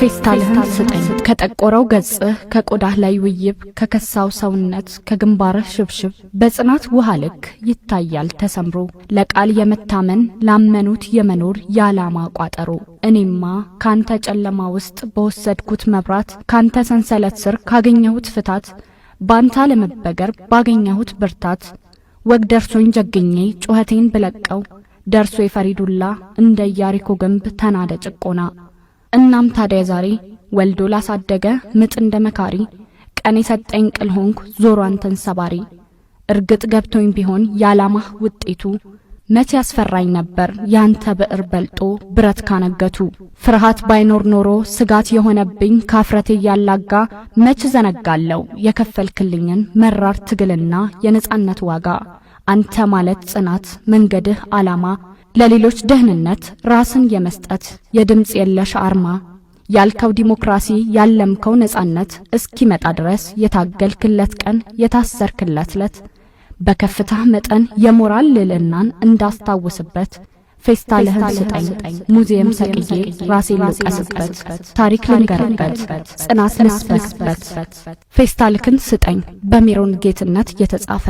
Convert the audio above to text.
ፌስታልህን ስጠኝ። ከጠቆረው ገጽህ፣ ከቆዳህ ላይ ውይብ፣ ከከሳው ሰውነት፣ ከግንባርህ ሽብሽብ በጽናት ውሃ ልክ ይታያል ተሰምሮ ለቃል የመታመን ላመኑት የመኖር ያላማ ቋጠሮ እኔማ ካንተ ጨለማ ውስጥ በወሰድኩት መብራት ካንተ ሰንሰለት ስር ካገኘሁት ፍታት ባንታ ለመበገር ባገኘሁት ብርታት ወግ ደርሶኝ ጀግኜ ጩኸቴን ብለቀው ደርሶ የፈሪዱላ እንደ ኢያሪኮ ግንብ ተናደ ጭቆና እናም ታዲያ ዛሬ ወልዶ ላሳደገ ምጥ እንደ መካሪ ቀን የሰጠኝ ቅል ሆንኩ ዞሮ አንተን ሰባሪ። እርግጥ ገብቶኝ ቢሆን የዓላማህ ውጤቱ መቼ ያስፈራኝ ነበር ያንተ ብዕር በልጦ ብረት ካነገቱ። ፍርሃት ባይኖር ኖሮ ስጋት የሆነብኝ ካፍረቴ እያላጋ መች ዘነጋለው የከፈልክልኝን መራር ትግልና የነጻነት ዋጋ። አንተ ማለት ጽናት መንገድህ ዓላማ ለሌሎች ደህንነት ራስን የመስጠት የድምፅ የለሽ አርማ ያልከው ዲሞክራሲ ያለምከው ነጻነት እስኪመጣ ድረስ የታገልክለት ቀን የታሰርክለት ዕለት በከፍታህ መጠን የሞራል ልዕልናን እንዳስታውስበት ፌስታልህን ስጠኝ ሙዚየም ሰቅዬ ራሴ ልቀስበት ታሪክ ልንገርበት ጽናት ልስበክበት ፌስታልክን ስጠኝ በሜሮን ጌትነት የተጻፈ